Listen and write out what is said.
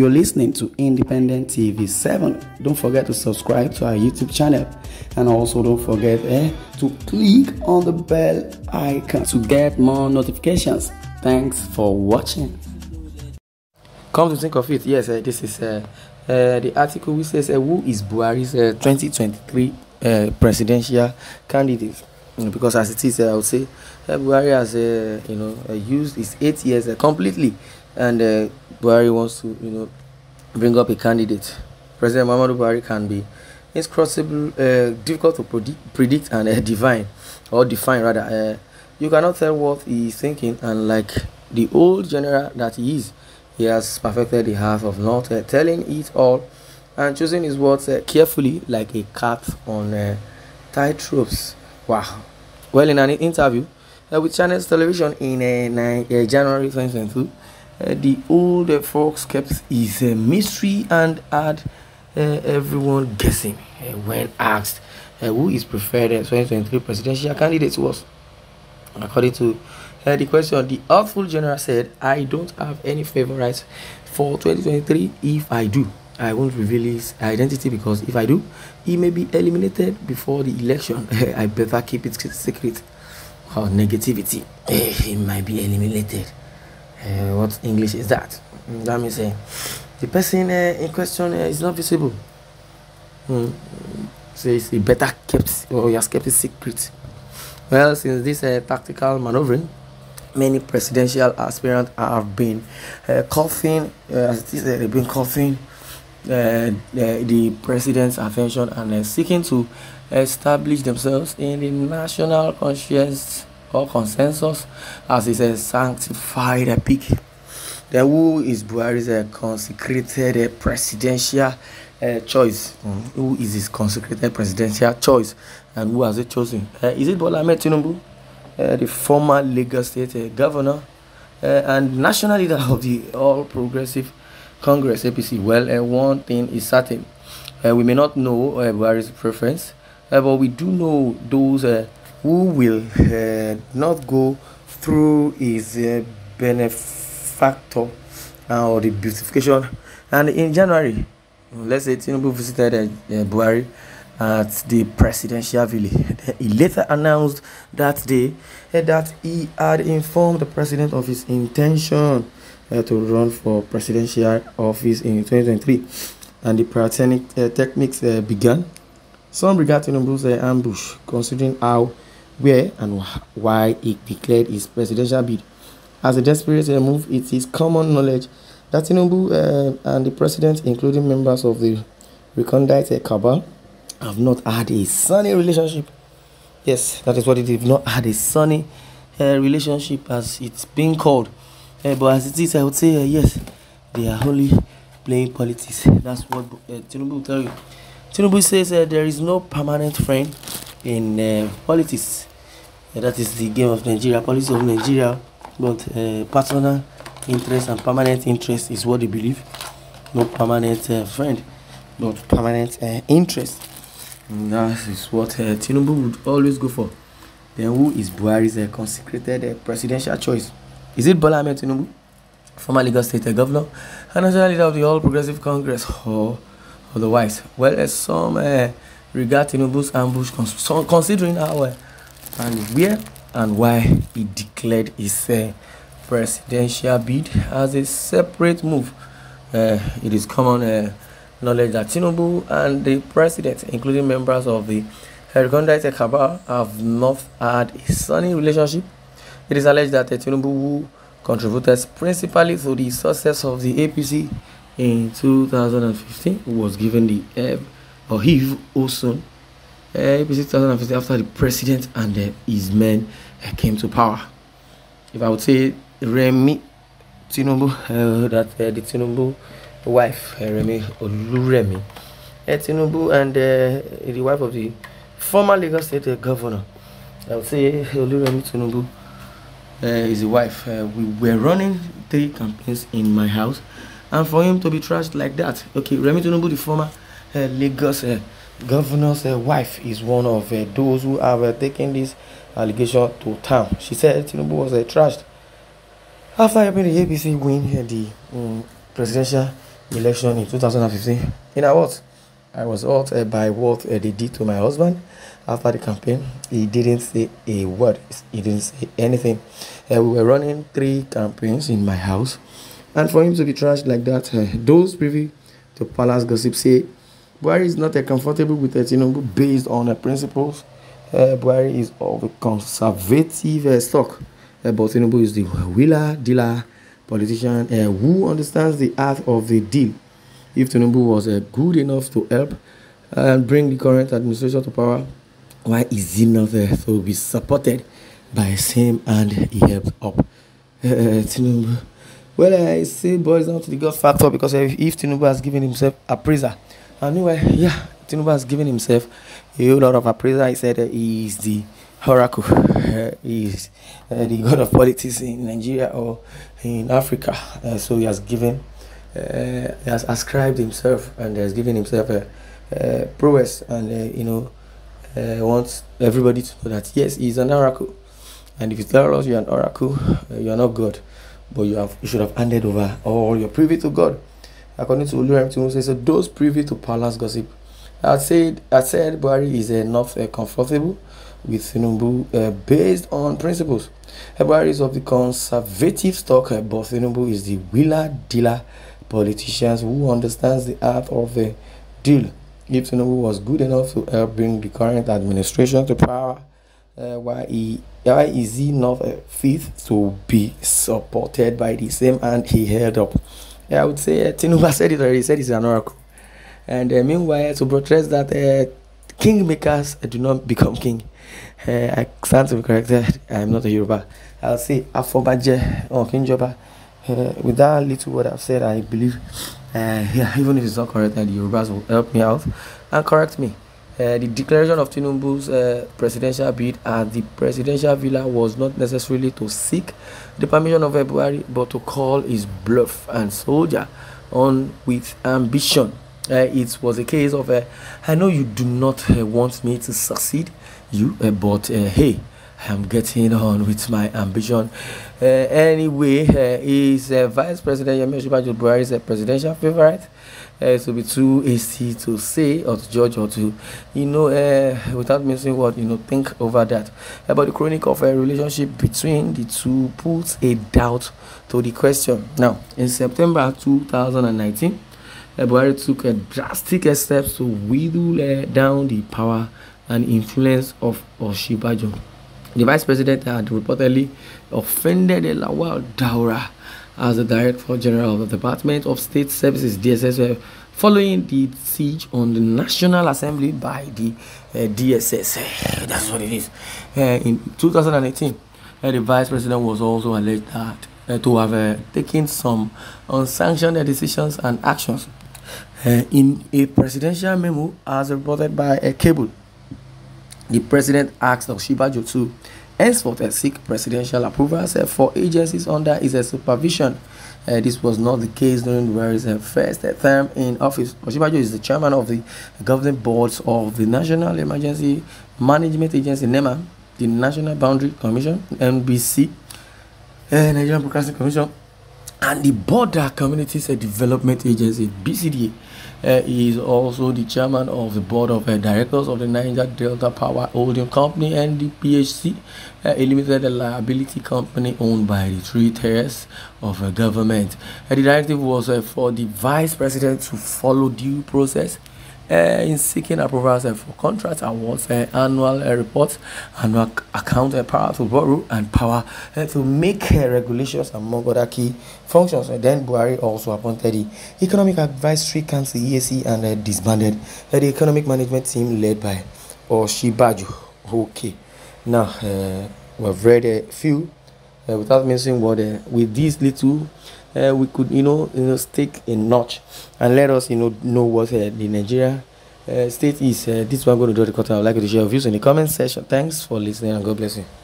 You're listening to Independent TV 7. Don't forget to subscribe to our YouTube channel and also don't forget eh, to click on the bell icon to get more notifications. Thanks for watching. Come to think of it, yes, uh, this is uh, uh, the article which says who is Buhari's 2023 presidential candidate mm, because as it is, I would say Buhari has uh, you know used his eight years completely and uh, Buhari wants to, you know, bring up a candidate, President Muhammadu Buhari can be it's uh, difficult to predict, predict and uh, divine, or define rather. Uh, you cannot tell what he is thinking, and like the old general that he is, he has perfected the art of not uh, telling it all and choosing his words uh, carefully like a cat on uh, tight ropes. Wow. Well, in an interview with Channels Television in January 2022, uh, the old uh, fox kept is a uh, mystery and had uh, everyone guessing uh, when asked who is preferred 2023 presidential candidate was. According to the question, the awful general said, I don't have any favorites for 2023. If I do, I won't reveal his identity because if I do, he may be eliminated before the election. I better keep it secret. Or negativity, eh, he might be eliminated uh, what english is that Let me say, the person uh, in question eh, is not visible mm. so he better kept or he has kept his secret well since this tactical maneuvering many presidential aspirants have been coughing they've been coughing the, the president's attention and seeking to establish themselves in the national conscience or consensus as is a sanctified epic. The who is Buhari's a uh, consecrated uh, presidential uh, choice? Mm. Who is his consecrated presidential choice and who has it chosen? Uh, is it Bola Ahmed Tinubu, uh, the former Lagos State uh, governor uh, and national leader of the All Progressive Congress APC? Well, uh, one thing is certain. Uh, we may not know uh, Buhari's preference, uh, but we do know those uh, who will uh, not go through his uh, benefactor uh, or the beautification and in January let's say Tinubu visited uh, uh, Buhari at the presidential villa he later announced that day uh, that he had informed the president of his intention uh, to run for presidential office in 2023 and the pyrotechnic uh, techniques uh, began some regard Tinubu's uh, ambush considering how where and why he declared his presidential bid. As a desperate uh, move, it is common knowledge that Tinubu uh, and the president, including members of the recondite uh, cabal, have not had a sunny relationship. Yes, that is what it is. Not had a sunny uh, relationship, as it's being called. Uh, but as it is, I would say uh, yes, they are only playing politics. That's what Tinubu will tell you. Tinubu says there is no permanent friend in politics. Yeah, that is the game of Nigeria, policy of Nigeria. But uh, personal interest and permanent interest is what they believe. No permanent uh, friend, but permanent uh, interest. And mm, that is what uh, Tinubu would always go for. Then who is Buhari's uh, consecrated uh, presidential choice? Is it Bola Ahmed Tinubu, former Lagos State uh, Governor and national leader of the All Progressive Congress, or otherwise? Well, as uh, some regard Tinubu's ambush, cons considering how and where and why he declared his uh, presidential bid as a separate move. Uh, it is common uh, knowledge that Tinubu and the president, including members of the Hergondite Cabal, have not had a sunny relationship. It is alleged that Tinubu, who contributed principally to the success of the APC in 2015, was given the ebb or heave Osun APC eh, 2015 after the president and the, eh, his men uh, came to power. If I would say Remi Tinubu, uh, that uh, the Tinubu wife, uh, Remi Oluremi, uh, Tinubu and uh, the wife of the former Lagos State uh, governor, I would say Oluremi Tinubu uh, is the wife. Uh, we were running three campaigns in my house, and for him to be trashed like that, okay, Remi Tinubu, the former uh, Lagos. Uh, governor's uh, wife is one of uh, those who have uh, taken this allegation to town. She said Tinubu was uh, trashed. After helping the APC win uh, the um, presidential election in 2015, You know what? I was hurt uh, by what uh, they did to my husband after the campaign. He didn't say a word. He didn't say anything. we were running three campaigns in my house. And for him to be trashed like that, those privy to palace gossip say Buhari is not a comfortable with You Tinubu based on the principles. Uh, Buhari is of a conservative uh, stock, uh, but Tinubu is the wheeler, dealer, politician uh, who understands the art of the deal. If Tinubu was uh, good enough to help and uh, bring the current administration to power, why is he not there uh, to be supported by him and he helped up? Uh, Tinubu. Well, uh, say still boils down to the God factor because if, if Tinubu has given himself a appraiser, Anyway, yeah, Tinubu has given himself a whole lot of appraisal. He said he is the oracle, uh, he is uh, the god of politics in Nigeria or in Africa. Uh, so he has given, uh, he has ascribed himself and has given himself a, a prowess and, uh, you know, uh, wants everybody to know that yes, he is an oracle. And if you tell us you're an oracle, uh, you're not God, but you have you should have handed over all your privy to God according to Ulurim Tinubu says, so those privy to palace gossip. I said, I said Buhari is enough not uh, comfortable with Tinubu uh, based on principles. Uh, Buhari is of the conservative stock, uh, but Tinubu is the wheeler dealer politicians who understands the art of the deal. If Tinubu was good enough to help bring the current administration to power, uh, why, he, why is he not a uh, fit to be supported by the same and he held up? I would say uh, Tinubu said it already. Said it's an oracle. And uh, meanwhile, to protest that uh, kingmakers do not become king. I stand to be corrected. I'm not a Yoruba. I'll say Afobaje or King Joba. Uh, with that little word I've said, I believe, uh, yeah, even if it's not correct, the Yorubas will help me out and correct me. Uh, the declaration of Tinubu's uh, presidential bid at the presidential villa was not necessarily to seek the permission of February, but to call his bluff and soldier on with ambition. Uh, it was a case of, uh, I know you do not uh, want me to succeed, you, but hey, I'm getting on with my ambition. anyway, he's Vice President Yemi is a presidential favorite. uh, to be too hasty to say or to judge or to, you know, uh, without missing what, you know, think over that. About eh, the chronic of a relationship between the two puts a doubt to the question. Now, in September 2019, uh, Buhari took a drastic step to whittle uh, down the power and influence of Oshibajo. The vice president had reportedly offended Lawal Daura as the Director General of the Department of State Services DSS following the siege on the National Assembly by the uh, DSS. Eh, that's what it is. Uh, in 2018, uh, eh, the Vice President was also alleged that, to have taken some unsanctioned decisions and actions in a presidential memo as reported by a cable. The president asked Shiba to henceforth and seek presidential approvals uh, for agencies under his uh, supervision. Uh, this was not the case during Buhari's uh, first uh, term in office. Oshibajo is the chairman of the governing boards of the National Emergency Management Agency NEMA, the National Boundary Commission NBC, uh, Nigerian Broadcasting Commission and the Border Communities Development Agency (BCDA) uh, eh, is also the chairman of the board of uh, directors of the Niger Delta Power Holding Company and the PHC, uh, eh, a limited liability company owned by the three tiers of uh, government. the directive was for the vice president to follow due process Uh, in seeking approvals for contract awards, uh, annual uh, reports, annual account, power to borrow, and power to make regulations among other key functions. then Buhari also appointed the Economic Advisory Council EAC and disbanded the economic management team led by Oshibaju. Okay, now uh, we've read a few uh, without mentioning what uh, with these little uh, we could you know you know stake a notch and let us you know know what uh, the Nigeria uh, state is. Uh, this one going to do the quarter. I would like you to share your views in the comment section. Thanks for listening and God bless you.